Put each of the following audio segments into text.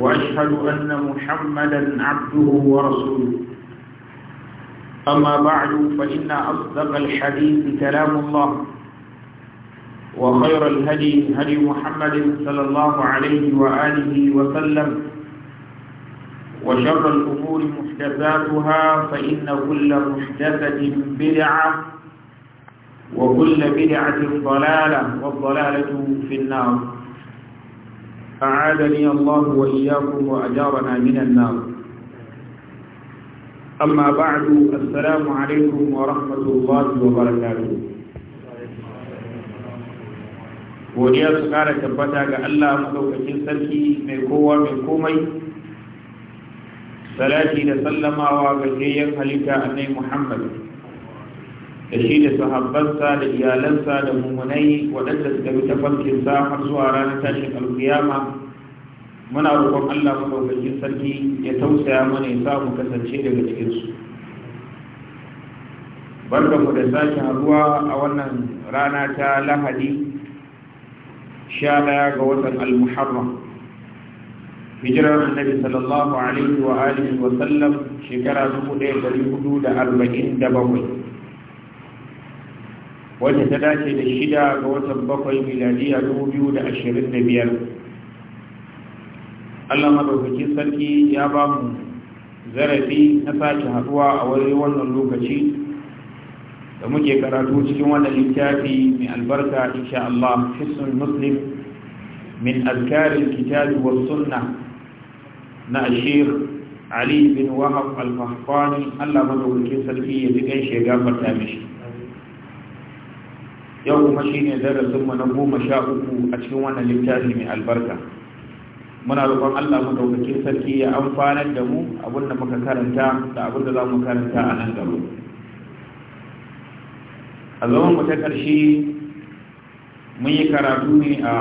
وأشهد أن محمدا عبده ورسوله أما بعد فإن أصدق الحديث كلام الله وخير الهدي هدي محمد صلى الله عليه وآله وسلم وشر الأمور محدثاتها فإن كل محدثة بدعة وكل بدعة ضلالة والضلالة في النار أعادني الله وإياكم وأجارنا من النار أما بعد السلام عليكم ورحمة الله وبركاته godiya su kara tabbata ga Allah madaukakin sarki mai kowa mai komai salati da sallamawa ga jayyan halitta annai Muhammad da shi da sahabbansa da iyalansa da mummunai waɗanda suka bi tafarkinsa har zuwa ranar tashin alkiyama muna roƙon Allah madaukakin sarki ya tausaya mana ya sa mu kasance daga cikin su barkanku da sake haruwa a wannan rana ta lahadi sha ɗaya ga watan al hijirar annabi sallallahu alaihi wa alihi wa sallam shekara dubu ɗaya hudu da da arba'in bakwai. wacce ta dace da shida ga watan bakwai miladiya biyar. Allah madaukakin sarki ya ba mu zarafi na sake haduwa a wani wannan lokaci da muke karatu cikin wannan littafi mai albarka insha Allah muslim min azkaril kitabi was sunnah na ashir Ali bin Wahab al-Fahfani Allah madaukakin sarki ya ji kai shiga farta mishi yau kuma shine darasin mu na 13 a cikin wannan littafi mai albarka muna roƙon Allah mu ɗaukakin sarki ya amfanar da mu abin da muka karanta da abin da za mu karanta a nan gaba a zaman mu ta ƙarshe mun yi karatu ne a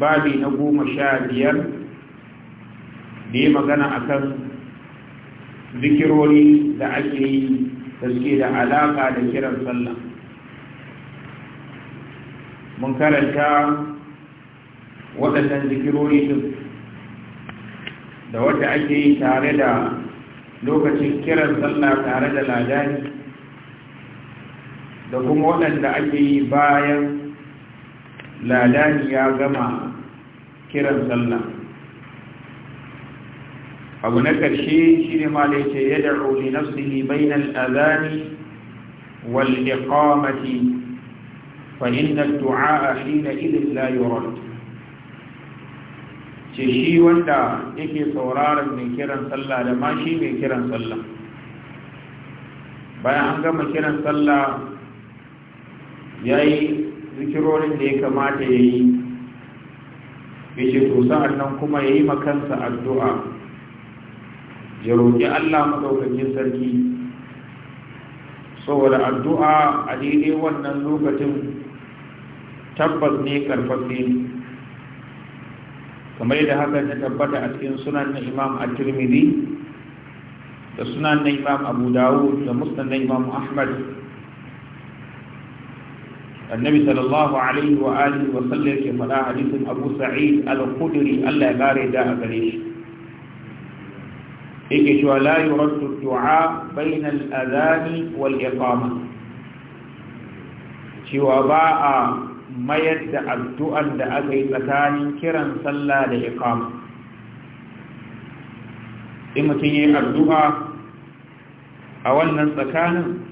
babi na goma sha biyar da ya magana a kan zikirori da ake yi da suke da alaƙa da kiran sallah mun karanta waɗannan zikirori din da wata ake yi tare da lokacin kiran sallah tare da ladani da kuma waɗanda ake yi bayan ladani ya gama kiran sallah abu na ƙarshe shi ne ma da yake ya da'o li nafsihi bainal azani wal iqamati fa inna du'a hina idin la yurad ce shi wanda yake sauraron mai kiran sallah da ma shi mai kiran sallah bayan an gama kiran sallah ya yi zikirorin da ya kamata ya yi ya ce to nan kuma ya yi makansa addu'a ya roƙi allah maɗaukakin sarki saboda addu'a a daidai wannan lokacin tabbas ne karfafe kamar yadda haka ta tabbata a cikin sunan na imam at-tirmidhi da sunan na imam abu dawud da musnad na imam ahmad annabi sallallahu alaihi wa alihi wa sallam ke faɗa hadisin abu sa'id al-khudri Allah ya kare da a gare shi yake cewa la yuraddu du'a bayna al-adhan wal iqama cewa ba a mayar da addu'ar da aka yi tsakanin kiran sallah da iqama in mutum yi addu'a a wannan tsakanin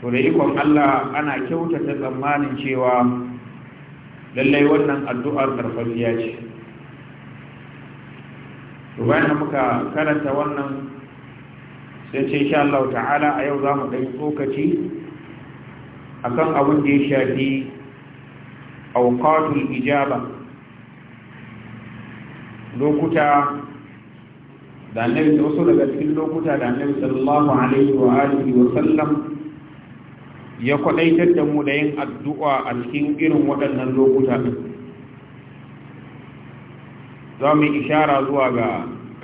to da ikon Allah ana kyautata tsammanin cewa lallai wannan addu'ar karfafiya ce to muka karanta wannan sai ce insha Allah ta'ala a yau za mu ɗan tsokaci akan abin da ya shafi auqatul ijaba lokuta da annabi wasu daga cikin lokuta da annabi sallallahu alaihi wa alihi wa sallam ya kwadaitar da mu da yin addu'a a cikin irin waɗannan lokuta ɗin za mu ishara zuwa ga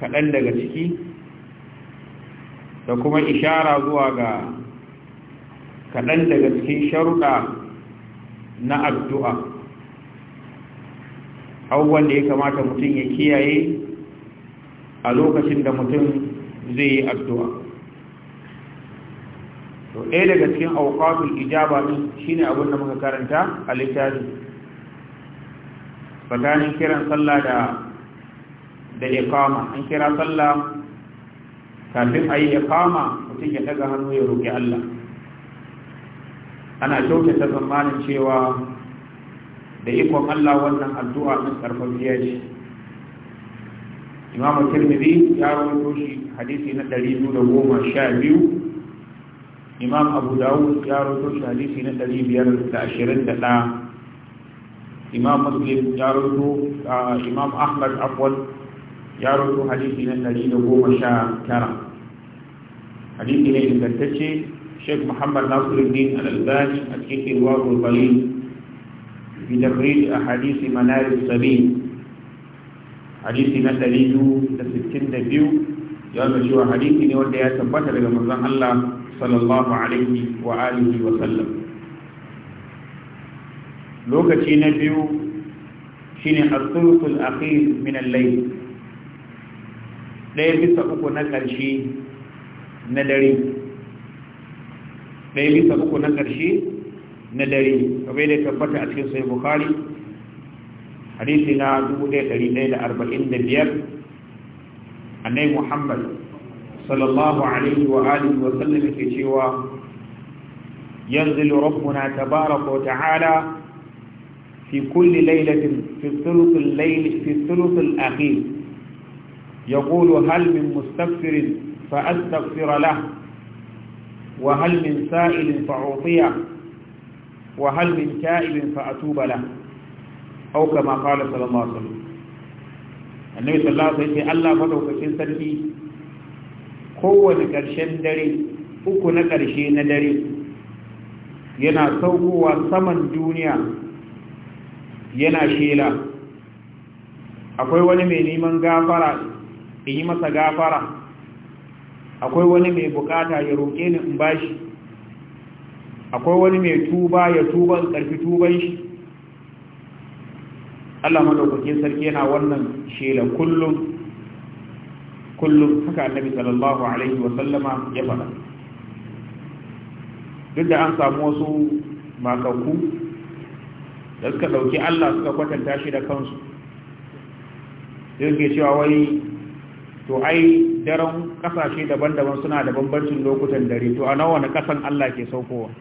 kaɗan daga ciki da kuma ishara zuwa ga kaɗan daga cikin sharuɗa na addu'a abubuwan da ya kamata mutum ya kiyaye a lokacin da mutum zai yi addu'a to ɗaya daga cikin auƙafin ijaba ɗin shi ne abin da muka karanta a littafi tsakanin kiran sallah da da ikama an kira sallah kafin a yi ikama mutum ya ɗaga hannu ya roƙi Allah ana kyautata tsammanin cewa da ikon Allah wannan addu'a din karfafiya ce Imam Tirmidhi ya rawaito shi hadisi na ɗari da goma sha biyu. Imam Abu Dawud ya rawaito shi hadisi na ɗari biyar da da ashirin ɗaya. Imam Muslim ya rawaito Imam Ahmad afwan ya rawaito hadisi na ɗari da goma sha tara. hadisi ne ingantacce Sheikh Muhammad Nasiruddin Al-Albani a cikin Irwaul Qalil في تخريج أحاديث منار السبيل حديث نتليج تسكين دبيو يوم شو حديث نود يا ثبت لما الله صلى الله عليه وآله وسلم لوكتي نبيو شين الثلث الأخير من الليل ɗaya bisa uku na ƙarshe na dare ɗaya bisa uku na ƙarshe na dare kamar da tabbata a cikin sai bukhari hadisi na 1145 annai muhammad sallallahu alaihi wa alihi wa sallam ke cewa yanzilu rabbuna tabaraka wa ta'ala في Fi ليلة في الثلث الليل في الثلث الأخير يقول هل من مستغفر فأستغفر له وهل من سائل فأعطيه wa hal min ta'ibin fa atuba la aw kama qala sallallahu alaihi wasallam annabi sallallahu alaihi wasallam Allah madaukakin sarki Kowanne ƙarshen dare uku na ƙarshe na dare yana saukowa saman duniya yana shela akwai wani mai neman gafara in yi masa gafara akwai wani mai bukata ya roƙe ni in bashi akwai wani mai tuba ya tuba ƙarfi tuban shi Allah maɗaukakin sarki yana wannan shela kullum kullum haka annabi sallallahu alaihi wa sallama ya faɗa duk da an samu wasu makaku da suka ɗauki Allah suka kwatanta shi da kansu yake cewa wai to ai daren ƙasashe daban-daban suna da bambancin lokutan dare to a nawa na ƙasan Allah ke saukowa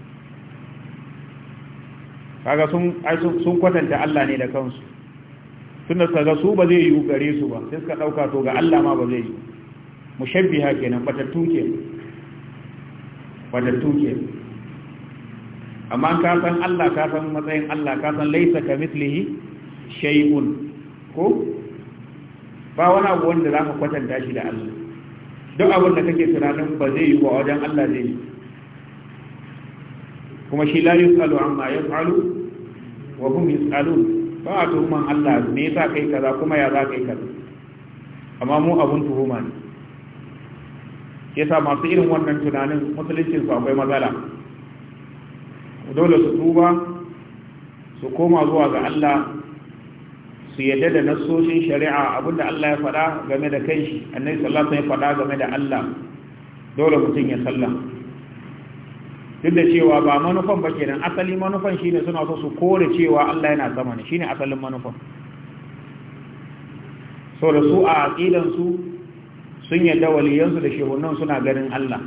kaga sun sun kwatanta Allah ne da kansu tunda kaga su ba zai yi gare su ba sai suka dauka to ga Allah ma ba zai yi mushabbiha kenan batattu ke batattu ke amma ka san Allah ka san matsayin Allah ka san laisa ka mithlihi shay'un ko ba wani abu wanda za ka kwatanta shi da Allah duk abin da kake tunanin ba zai yi ba wajen Allah zai yi kuma shi la yusalu amma yaf'alu wa hum yus'alun ba a tuhuman Allah me yasa kai kaza kuma ya za kai kaza amma mu abun tuhuma ne yasa masu irin wannan tunanin musuluncin su akwai matsala dole su tuba su koma zuwa ga Allah su yadda da nasoshin shari'a abinda Allah ya faɗa game da kai annabi sallallahu alaihi ya faɗa game da Allah dole mutum ya sallah duk da cewa ba manufan ba kenan asali manufan shine suna so su kore cewa Allah yana sama ne shine asalin manufan so da su a aqidan su sun yadda su da shehunan suna ganin Allah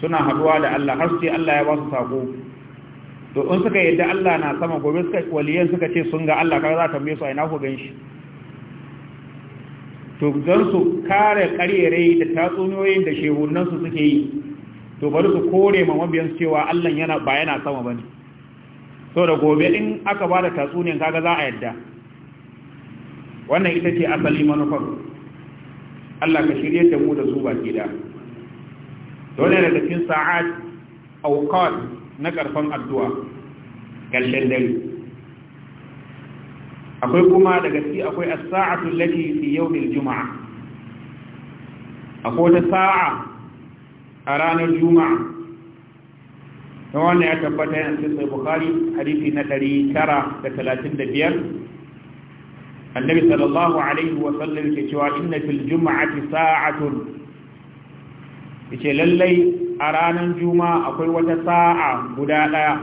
suna haduwa da Allah har sai Allah ya ba su sako to in suka yadda Allah na sama gobe suka waliyan suka ce sun ga Allah kaga za ta tambaye su a ina ku gan shi to don su kare karere da tatsuniyoyin da su suke yi to bari su kore ma mabiyan cewa Allah yana ba yana sama bane so da gobe in aka ba da tatsuniyan kaga za a yadda wannan ita ce asali manufar Allah ka shirye ta mu da su baki da dole da cikin sa'at awqat na karfan addu'a kallan dare akwai kuma daga gaske akwai as-sa'atu allati fi yawmil juma'a. akwai ta sa'a a ranar juma'a ta wannan ya tabbata yana sai bukari hadisi na 935 annabi sallallahu alaihi wa sallam ke cewa inna fil juma'ati sa'atun yace lallai a ranar juma'a akwai wata sa'a guda daya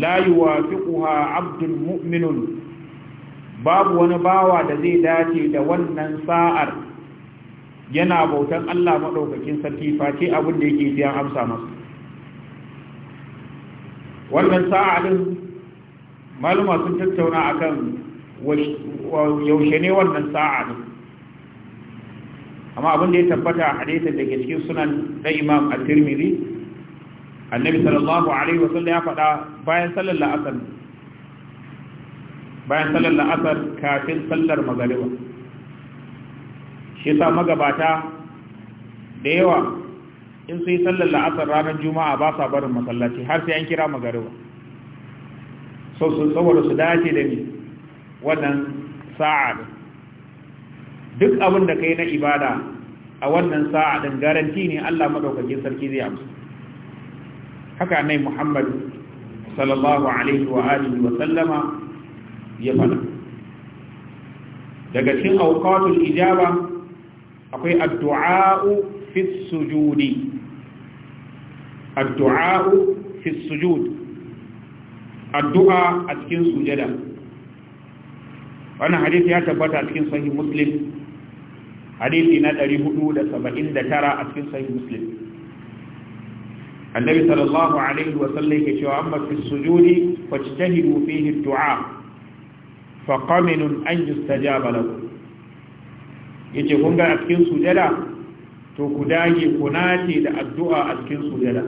la yuwafiquha abdul mu'minun babu wani bawa da zai dace da wannan sa'ar yana bautan Allah maɗaukakin sarki face abin da yake biyan amsa masa wannan sa'adin maluma sun tattauna akan yaushe ne wannan sa'adin amma abin da ya tabbata a hadisin da ke cikin sunan ɗan imam at-tirmidhi annabi sallallahu alaihi wasallam ya faɗa bayan sallar la'asar bayan sallar la'asar kafin sallar magariba shi sa magabata da yawa in yi sallar la'asar ranar juma'a ba sa barin masallaci har sai an kira magariba so su saboda su dace da ni wannan sa'a duk abin da yi na ibada a wannan sa'a garanti ne Allah maɗaukakin sarki zai amsa haka nai Muhammad sallallahu alaihi wa alihi wa sallama ya fada daga cikin awqatul ijaba akwai addu'a'u fi sujudi addu'a'u fi sujud addu'a a cikin sujada wannan hadisi ya tabbata a cikin sahih muslim hadisi na 479 a cikin sahih muslim annabi sallallahu alaihi wa sallam yake cewa amma fi sujudi fajtahidu fihi addu'a fa qaminun an yustajaba lakum yace kun ga a cikin sujada to ku dage ku nace da addu'a a cikin sujada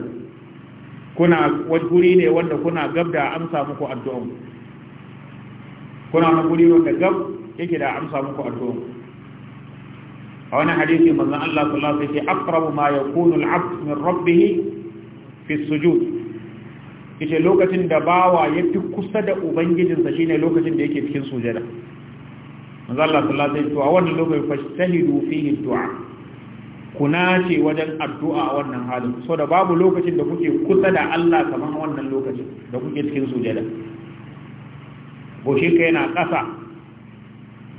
kuna wani guri ne wanda kuna gab da amsa muku addu'a kuna wani guri wanda gab yake da amsa muku addu'a a wani hadisi manzon Allah sallallahu alaihi wasallam aqrabu ma yakunu al-'abd min rabbih fi sujud yace lokacin da bawa ya fi kusa da ubangijinsa shine lokacin da yake cikin sujada manzo Allah sallallahu alaihi wasallam a wannan lokacin fashtahidu fihi du'a kuna ce wajen addu'a a wannan halin so da babu lokacin da kuke kusa da Allah kamar wannan lokacin da kuke cikin sujada kai na kasa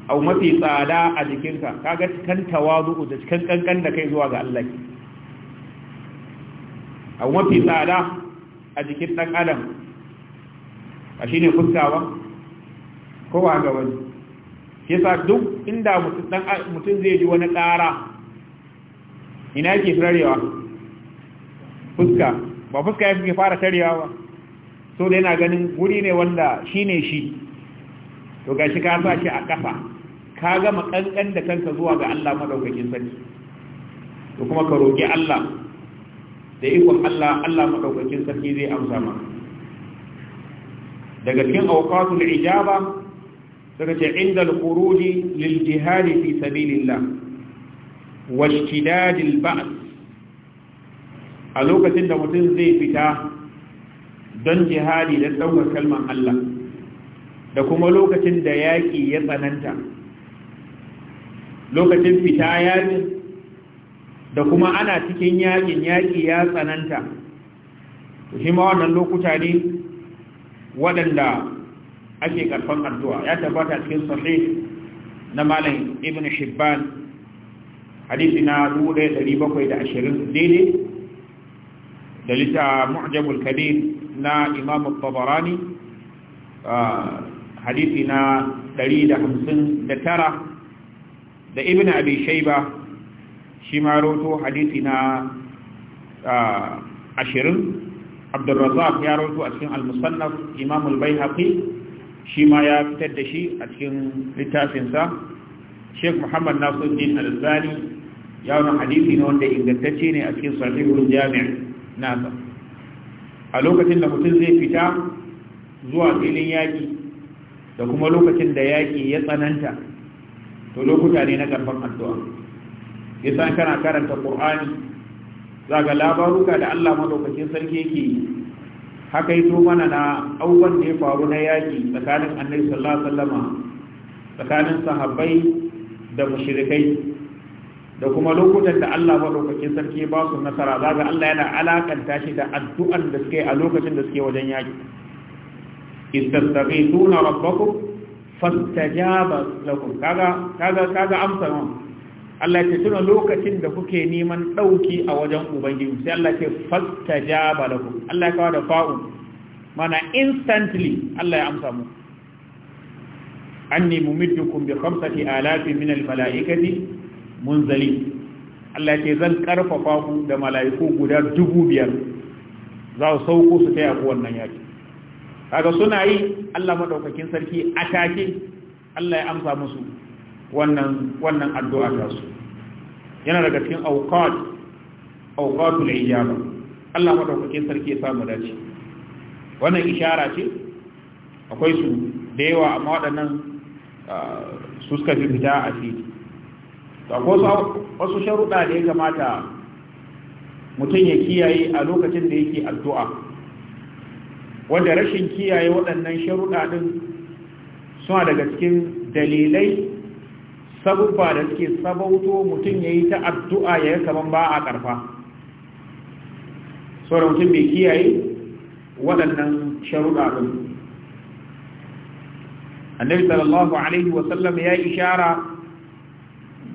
au mafi tsada a jikinka kaga cikin tawazu da cikin kankan da kai zuwa ga Allah au mafi tsada a jikin dan adam a shine fuskawa ko ba ga wani yasa duk inda mutum zai ji wani ƙara ina yake tarewa fuska ba fuska ya fi fara tarewa ba so da yana ganin wuri ne wanda shi ne shi to ga ka sa shi a ƙasa ka gama ƙanƙan da kanka zuwa ga Allah maɗaukakin sani to kuma ka roƙi Allah da ikon Allah Allah maɗaukakin sarki zai amsa ma daga cikin auqatul ijaba suka ce inda al-khuruji lil jihad fi sabilillah wa ishtidad al a lokacin da mutum zai fita don jihadi da daukar kalmar Allah da kuma lokacin da yaƙi ya tsananta lokacin fita yaƙi da kuma ana cikin yaƙin yaƙi ya tsananta shi ma wannan lokuta ne waɗanda ake karfan addu'a ya tabbata cikin sahih na malam Ibnu shibban hadisi na 1720 daidai da lita mu'jamul kabir na imam tabarani hadisi na 159 da ibn abi shaiba shi ma roto hadisi na ashirin abdulrazak ya roto a cikin al-musannaf imam al-baihaqi shi ma ya fitar da shi a cikin littafinsa sheikh muhammad nasuddin al-albani ya wani hadisi ne wanda ingantacce ne a cikin wurin jami' nasa a lokacin da mutum zai fita zuwa filin yaƙi da kuma lokacin da yaƙi ya tsananta to lokuta ne na karfan addu'a yasa kana karanta qur'ani ga labaruka da Allah madaukakin sarki yake haka yi mana na abubuwan da ya faru na yaƙi tsakanin annabi sallallahu tsakanin sahabbai da mushirikai da kuma lokutan da Allah madaukakin sarki basu ba su nasara zaga Allah yana alakanta shi da addu'an da suke a lokacin da suke wajen yaƙi istastaghithuna rabbakum fastajaba lakum kaga kaga kaga amsa Allah ce tuna lokacin da kuke neman ɗauki a wajen Ubangiji sai Allah ce fasta ja balaku Allah ya kawo da fa'u mana instantly Allah ya amsa mu anni mumiddukum bi khamsati alafi min al malaikati munzali Allah ce zan ƙarfafa mu da malaiku guda dubu biyar za su sauko su taya ko wannan yaki kaga suna yi Allah madaukakin sarki atake Allah ya amsa musu wannan addu'a ta su yana daga cikin awqat awqatul ijaba Allah maɗaukakin sarki ya samu dace wannan ishara ce akwai su da yawa amma waɗannan ah, su suka fi fita a fili wasu sharuɗa da ya kamata mutum ya kiyaye a lokacin da yake addu'a wanda rashin kiyaye waɗannan sharuɗa ɗin suna daga cikin dalilai sabubba da suke sabauto mutum ya yi ta addu'a ya yi kaman ba a ƙarfa sauran mutum bai kiyaye waɗannan sharuɗa ɗin annabi sallallahu alaihi wasallam ya ishara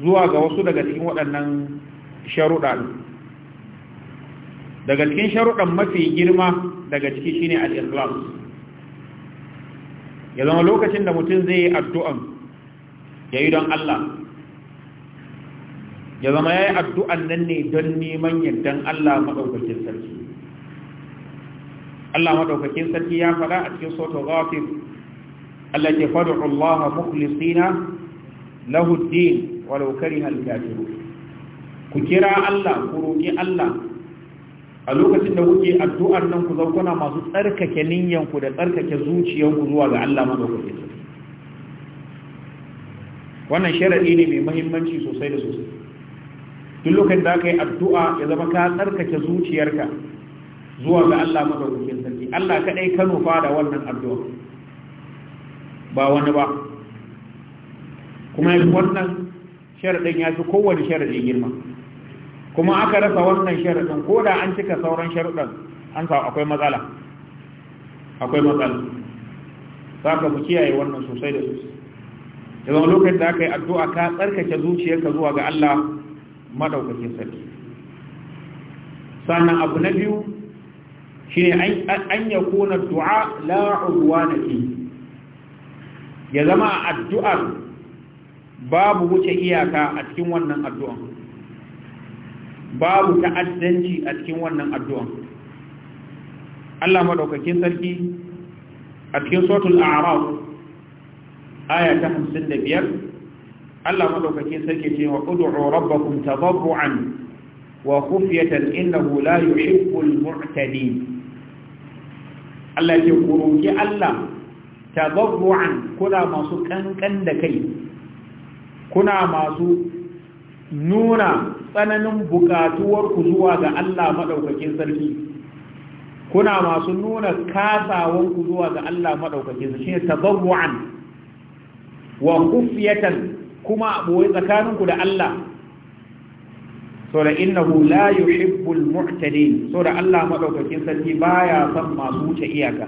zuwa ga wasu daga cikin waɗannan sharuɗa ɗin daga cikin sharuɗan mafi girma daga ciki shine al islam ya zama lokacin da mutum zai yi addu'an ya yi don Allah ya zama ya yi addu'an nan ne don neman yardan Allah maɗaukakin sarki Allah maɗaukakin sarki ya faɗa a cikin soto zafin Allah ke faɗi Allah mukhlisina lahuddin walaukari halkafiru ku kira Allah ku roƙi Allah a lokacin da kuke addu'ar nan ku zaukuna masu tsarkake niyyanku da tsarkake zuciyanku zuwa ga Allah maɗaukakin sarki wannan sharaɗi ne mai muhimmanci sosai da sosai duk lokacin da aka yi addu'a ya zama ka tsarkake zuciyarka zuwa ga Allah madaukakin sarki Allah kaɗai ka nufa da wannan addu'a ba wani ba kuma wannan sharaɗin ya fi kowane sharaɗi girma kuma aka rasa wannan sharaɗin. ko da an cika sauran sharaɗin, an sa akwai matsala akwai matsala za ka mu kiyaye wannan sosai da sosai da lokacin da aka yi addu'a ka tsarkake zuciyarka zuwa ga Allah madaukakin sarki sannan abu na biyu shine an ya kona du'a la na fi ya zama addu'ar babu wuce iyaka a cikin wannan addu'an babu ta'addanci a cikin wannan addu'an Allah madaukakin sarki a cikin suratul a'raf aya ta hamsin da biyar Allah maɗaukaki sarki ce wa ƙudu'u rabbakum tabarru'an wa khufyatan innahu la yuhibbul mu'tadin Allah ya ku roki Allah tabarru'an kuna masu kankan da kai kuna masu nuna tsananin bukatuwar ku zuwa ga Allah maɗaukakin sarki kuna masu nuna kasawar ku zuwa ga Allah maɗaukakin sarki shine tabarru'an wa kufiyatan kuma boye tsakaninku da Allah saboda innahu la yuhibbul mu'tadin saboda Allah madaukakin sarki baya son masu wuce iyaka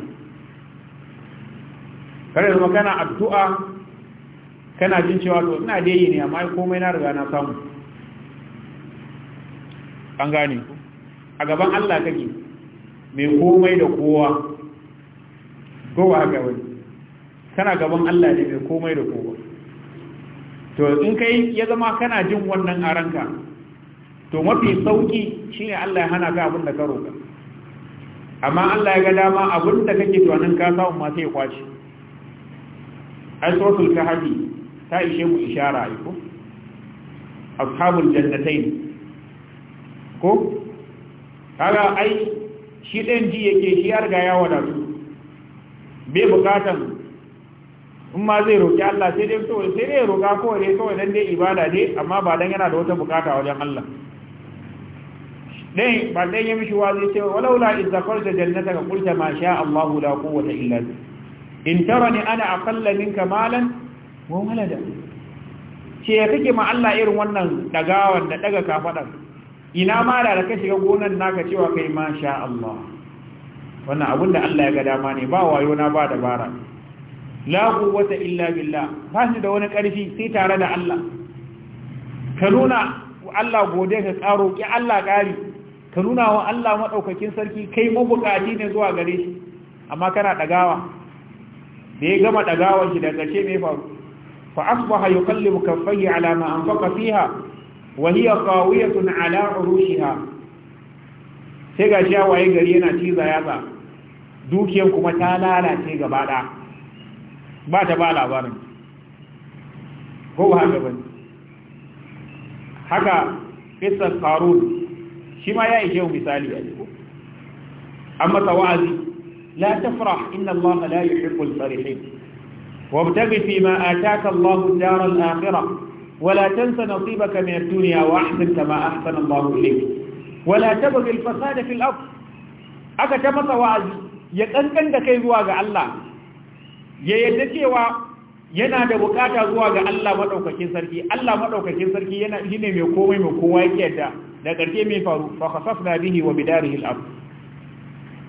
kare zama kana addu'a kana jin cewa to ina yi ne amma komai na riga na samu an gane a gaban Allah kake mai komai da kowa kowa haka wani kana gaban Allah ne mai komai da komai to in kai ya zama kana jin wannan a ranka to mafi sauki shine Allah ya hana ka abin da ka roƙa. amma Allah ya ga dama abin da kake tunanin ka samu ma sai ya kwace asratul kahfi ta ishe mu ishara ai ko ashabul jannatain ko kaga ai shi ɗin ji yake shi ya riga ya wadatu bai bukatan in ma zai roƙi Allah sai dai kawai sai dai roƙa kawai ne kawai dan dai ibada ne amma ba dan yana da wata bukata wajen Allah dai ba dan ya mishi wazi ce walaula idza idza jannata ka qulta ma sha Allahu la quwwata illa billah in tarani ana aqalla minka malan wa walada ce ya kake ma Allah irin wannan dagawan da daga kafadan ina ma da ka shiga gonan naka cewa kai ma sha Allah wannan abinda Allah ya ga dama ne ba wayo na ba dabara la quwwata illa billah ba shi da wani karfi sai tare da Allah ka nuna Allah gode ka karo ki Allah ƙari ka nuna wa Allah madaukakin sarki kai mabukati ne zuwa gare shi amma kana dagawa da ya gama dagawar shi da ƙarshe me faru fa asbaha yuqallibu kaffayhi ala ma anfaqa fiha wa hiya qawiyatun ala urushiha sai ga shi waye gari yana ciza yatsa dukiyar kuma ta lalace gaba ɗaya ba ta ba labarin ko ba haka bane haka kisar karun. shi ma ya ishe misali a jiko amma tawazi la tafrah inna allaha la yuhibbul a وابتغ فيما آتاك الله الدار الآخرة ولا تنس نصيبك من الدنيا وأحسن كما أحسن الله إليك ولا تبغ الفساد في الأرض aka ta masa wa'azi ya kankan da kai zuwa ga Allah ya yadda cewa yana da bukata zuwa ga Allah maɗaukakin sarki Allah maɗaukakin sarki yana ne mai komai mai kowa yake yadda da ƙarfe mai faru fa na bihi wa Bidari hil'af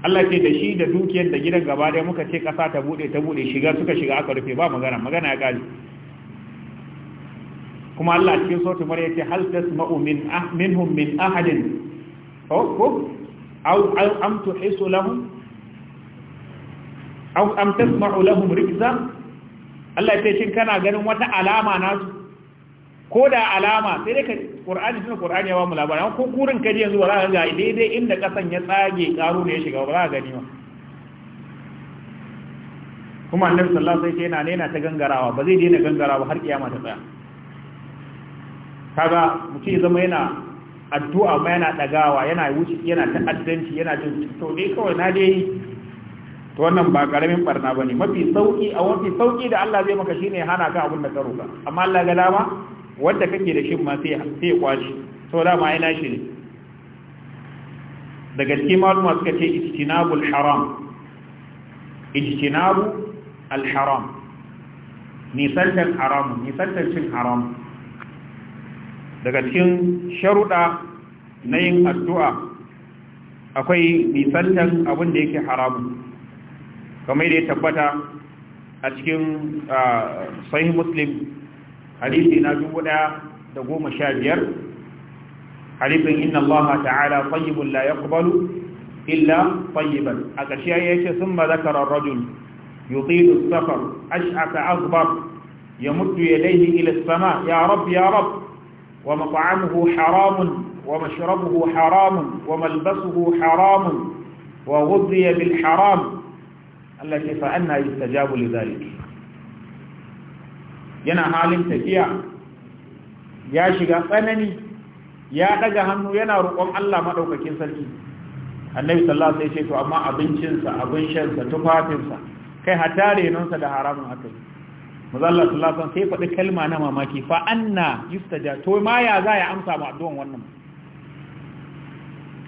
Allah ce da shi da dukiyar da gidan gaba ɗaya muka ce ƙasa ta buɗe ta buɗe shiga suka shiga aka rufe ba magana magana ya gani kuma Allah cikin sautin mara yace hal tasma'u min ah, hum min ahadin ko ko an am tuhisu lahum aw am tasma'u lahum rikza Allah ya ce shin kana ganin wata alama nasu ko da alama sai dai Qur'ani suna Qur'ani ya ba mu labarin ko kurin kaje yanzu ba za ka ga daidai inda kasan ya tsage karu ne ya shiga ba za ka gani ba kuma annabi sallallahu alaihi wasallam yana ne yana ta gangarawa ba zai daina gangarawa har kiyama ta tsaya kaga mutum zama yana addu'a ma yana dagawa yana wuce yana ta'addanci yana jin to dai kawai na dai to wannan ba karamin barna bane mafi sauki a mafi sauki da Allah zai maka shine hana ka abin da ka roka amma Allah ga dama wanda kake da shi ma sai sai kwashi to dama ai nashi ne daga cikin malama suka ce ijtinabul haram ijtinabu al-haram nisantar haram nisantar cin haram daga cikin sharuɗa na yin addu'a akwai nisantar abin da yake haramun kamar da ya tabbata a cikin sahih muslim hadisi na dubu daya da goma sha biyar harifin inna Allah ta'ala tsayibun la ya illa tsayiban a ƙarshe ya ce sun ba zakarar rajul yutilu safar ash'aka azbar ya mutu ya laihi ila sama ya rab ya rab wa maf'amuhu haramun wa mashrabuhu haramun wa malbasuhu haramun wa wuzriya bil haram. Allah ce fa anna yustajabu li zalik yana halin tafiya ya shiga tsanani ya daga hannu yana roƙon Allah madaukakin sarki annabi sallallahu alaihi wasallam ya ce to amma abincinsa abin tufafin tufafinsa kai hatta sa da haramun akai mazalla sallallahu alaihi wasallam sai faɗi kalma na mamaki fa anna yustaja to ma ya za ya amsa ma addu'an wannan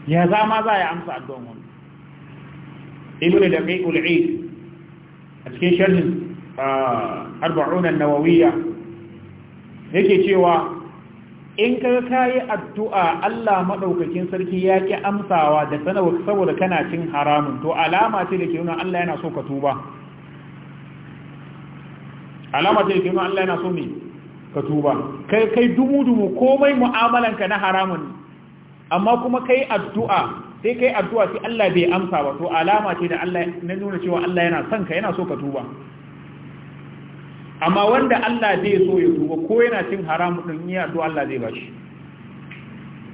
ya za ma za ya amsa addu'an wannan ibnu da kai ul'id a cikin sharhin arba'una nawawiya yake cewa in ka kayi addu'a Allah maɗaukakin sarki ya ƙi amsawa da sanawa saboda kana cin haramun to alama ce da ke nuna Allah yana so ka tuba alama ce da ke nuna Allah yana so ne ka tuba kai kai dumu-dumu komai mu'amalanka na haramun amma kuma kai addu'a sai kai addu'a sai Allah bai amsa ba to alama ce da Allah na nuna cewa Allah yana son ka yana so ka tuba amma wanda Allah zai so ya tuba ko yana cin haramu din ya addu'a Allah zai bashi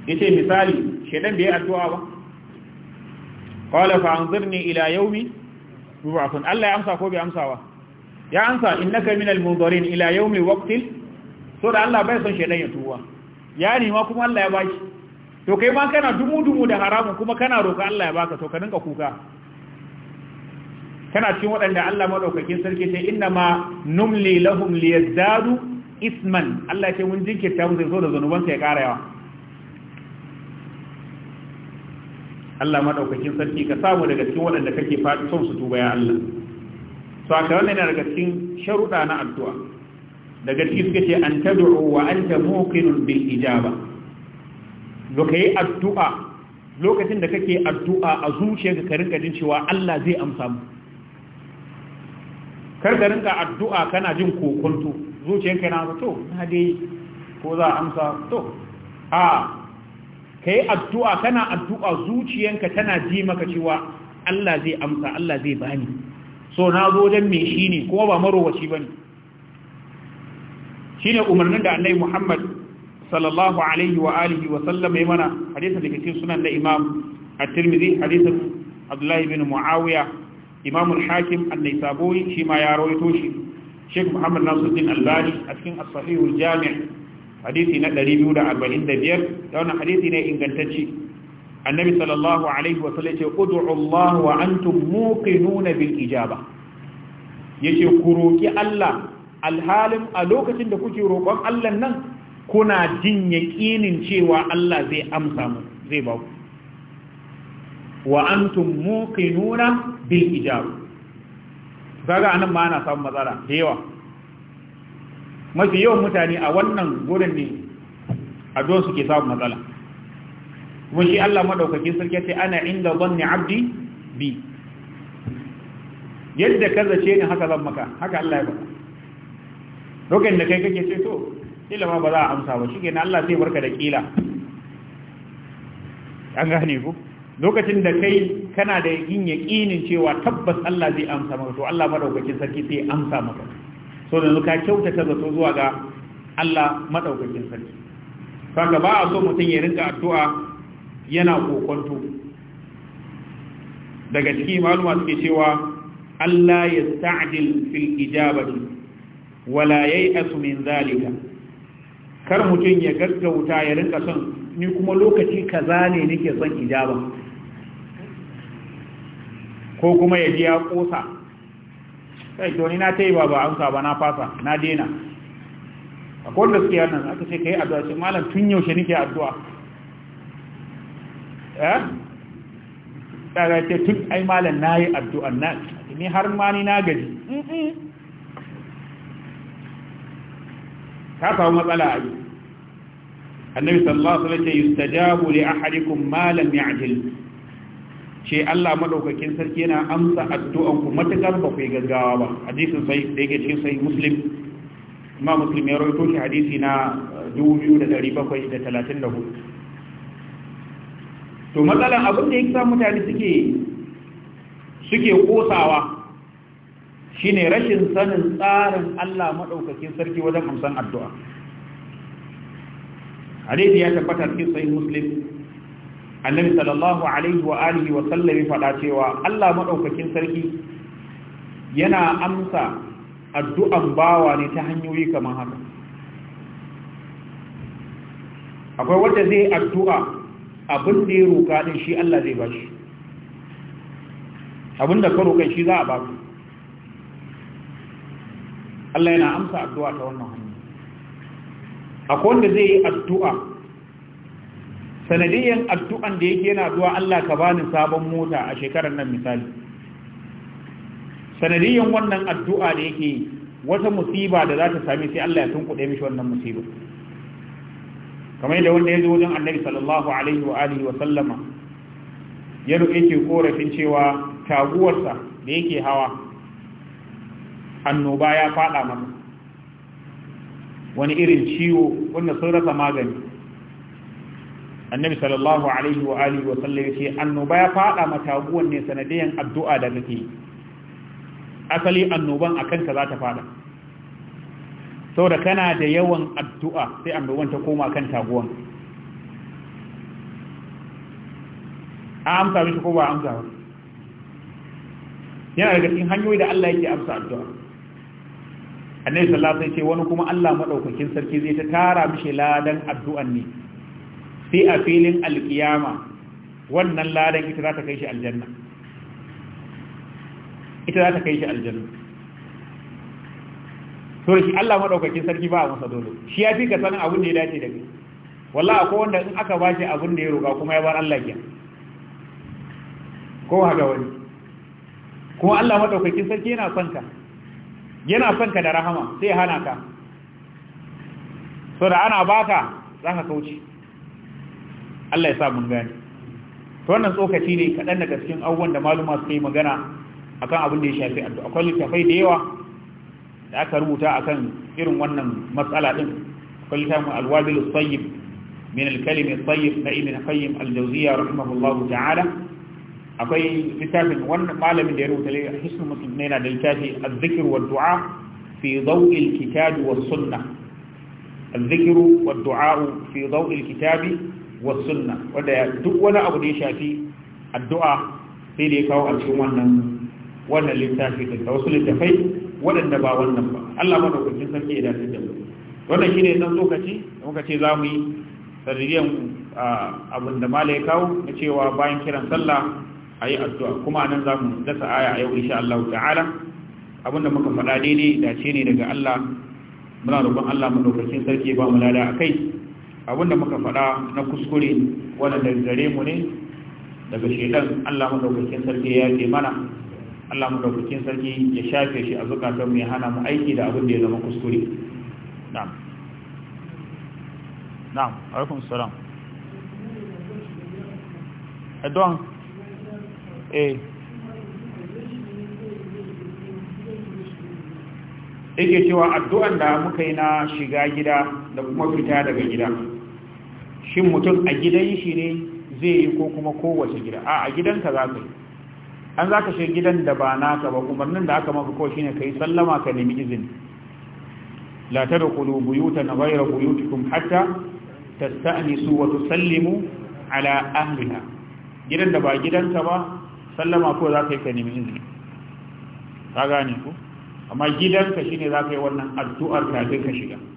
yace misali shedan bai addu'a ba qala fa anzirni ila yawmi yub'athun Allah ya amsa ko bai amsa ba ya amsa innaka minal munzirin ila yawmi waqtil so da Allah bai son shedan ya tuba ya nima kuma Allah ya bashi to kai ma kana dumu dumu da haramun kuma kana roƙa Allah ya baka to ka dinka kuka kana cikin waɗanda Allah madaukakin sarki sai, inna ma numli lahum liyazdadu isman Allah ce mun jinkirta musu zo da zanuban sai ƙara yawa Allah madaukakin sarki ka samu daga cikin waɗanda kake faɗi son su tuba ya Allah to aka wannan yana daga cikin sharuɗa na addu'a daga cikin suka ce an tad'u wa anta muqinun bil ijaba lo addu'a lokacin da kake addu'a a zuciyarka ka rinka jin cewa Allah zai amsa mu kar ka rinka addu'a kana jin kokonto zuciyarka yana to na dai ko za a amsa to a kai addu'a kana addu'a zuciyanka tana ji maka cewa Allah zai amsa Allah zai bani so na zo dan me shi ne kuma ba marowaci bane shine shi ne umarnin da Annabi Muhammad sallallahu alaihi wa alihi wa sallam ya mana hadisin da ke cikin sunan da imam at-tirmidhi hadisin abdullahi bin muawiya imam al-hakim an-naisabawi shi ma ya rawaito shi sheikh muhammad nasiruddin albani a cikin as-sahih al-jami' hadisi na 245 da wannan hadisi ne ingantacce annabi sallallahu alaihi wa sallam ya ce ud'u Allah wa antum muqinuna bil ijaba yace ku roki Allah alhalin a lokacin da kuke roƙon Allah nan kuna jin yaƙinin cewa Allah zai amsa mu zai ba ku wa antum muqinuna bil ijab daga anan ma ana samun matsala da yawa mafi yawan mutane a wannan gurin ne a don suke samun matsala kuma shi Allah madaukaki sarki ce ana inda zanni abdi bi yadda kaza ce ne haka zan maka haka Allah ya faɗa lokacin da kai kake ce to kila ma ba za a amsa ba shige na Allah sai barka da kila an gane ku lokacin da kai kana da yin yaƙinin cewa tabbas Allah zai amsa maka to Allah madaukakin sarki sai amsa maka so da ka kyautata zato zuwa ga Allah madaukakin sarki kaga ba a so mutum ya rinka addu'a yana kokonto daga cikin maluma suke cewa Allah ya fil ijabati wala yay'asu min zalika kar mutum ya gaggauta ya rinka son ni kuma lokaci kaza ne nake son ijaba ko kuma ya ji ya kosa sai to ni na tayi ba ba amsa ba na fasa na dena akwai wanda suke nan aka ce kai addu'a ce malam tun yaushe nake addu'a eh daga ce tun ai malam nayi addu'a na ni har ma ni na gaji ka samu matsala a yi annabi sallallahu alaihi wasallam ce yustajabu li ahadikum ma lam ya'jil ce Allah madaukakin sarki yana amsa addu'an ku matakar ba ku gaggawa ba hadisin sai da yake cikin sai muslim ma muslim ya rawaito shi hadisi na 2734 to matsalan abin da yake sa mutane suke suke kosawa shine rashin sanin tsarin Allah madaukakin sarki wajen amsan addu'a hadisi ya tabbata cikin sahih muslim annabi sallallahu alaihi wa alihi wa sallam fada cewa Allah madaukakin sarki yana amsa addu'an bawa ne ta hanyoyi kamar haka akwai wanda zai addu'a abin da ya roka din shi Allah zai bashi abin da ka roƙa shi za a baka Allah yana amsa addu'a ta wannan hanya akwai wanda zai yi addu'a sanadiyan addu'an da yake yana zuwa Allah ka bani sabon mota a shekarar nan misali sanadiyan wannan addu'a da yake wata musiba da za ta sami sai Allah ya tunkuɗe mishi wannan musiba kamar yadda wanda ya zo wajen annabi sallallahu alaihi wa alihi wa sallama ya ke korafin cewa taguwarsa da yake hawa annoba ya faɗa masa wani irin ciwo wanda sun rasa magani annabi sallallahu alaihi wa alihi wa sallam yace annoba ya fada mataguwan ne sanadiyan addu'a da kake asali annoban akan ka zata ta fada saboda kana da yawan addu'a sai annoban ta koma kan taguwan a amsa mishi ko ba amsa ba yana daga cikin hanyoyi da Allah yake amsa addu'a annabi sallallahu alaihi ce wani kuma Allah madaukakin sarki zai ta tara mishi ladan addu'an ne sai a filin alkiyama wannan ladan ita za ta kai shi aljanna ita za ta kai shi aljanna to shi Allah madaukakin sarki ba a masa dole shi ya fi ka sanin abin da ya dace da kai wallahi akwai wanda in aka shi abin da ya roƙa kuma ya bar Allah ya ko haka wani kuma Allah madaukakin sarki yana son ka yana son ka da rahama sai hana ka so da ana baka zaka ka kauce Allah ya sa mun gani to wannan tsokaci ne kaɗan daga cikin abubuwan da maluma suka yi magana akan abin da ya shafi addu'a akwai littafai da yawa da aka rubuta akan irin wannan matsala din akwai littafin alwabil tayyib min alkalim tayyib na ibn qayyim aljawziya rahimahullahu ta'ala akwai littafin wannan malamin da ya rubuta hisnu mutum ne yana da littafi az wa du'a fi zau'il kitabi wa sunna. az wa du'a fi zau'il kitabi wa sunna. wanda ya duk wani abu da ya shafi addu'a sai da ya kawo a cikin wannan wannan littafi da wasu littafai waɗanda ba wannan ba Allah madaukakin sarki ya dace da mu wannan shine dan lokaci muka ce za mu yi sarriyan ah, abin da malai ya kawo na cewa bayan kiran sallah a yi addu'a kuma nan za mu dasa aya a yau insha Allah ta'ala abinda muka faɗa daidai dace ne daga Allah muna roƙon Allah madaukakin sarki ba mu lada a kai abinda muka faɗa na kuskure da zare mu ne daga shedan Allah madaukakin sarki ya ce mana Allah madaukakin sarki ya shafe shi a zukatan mu ya hana mu aiki da abin da ya zama kuskure na'am na'am alaikum salam addu'a eh yake cewa addu'an da muka yi na shiga gida da kuma fita daga gida shin mutum a gidan shi ne zai yi ko kuma kowace gida a a gidanka za ka yi an za ka shiga gidan da ba naka ba umarnin da aka maka kawai shine ka yi sallama ka nemi izini la ta da kulu buyuta na hatta ta sa'anisu wa tusallimu ala ahliha gidan da ba ka ba sallama ko za ka yi ka nemi izini ka gane ku amma gidanka ne za ka yi wannan addu'ar kafin ka shiga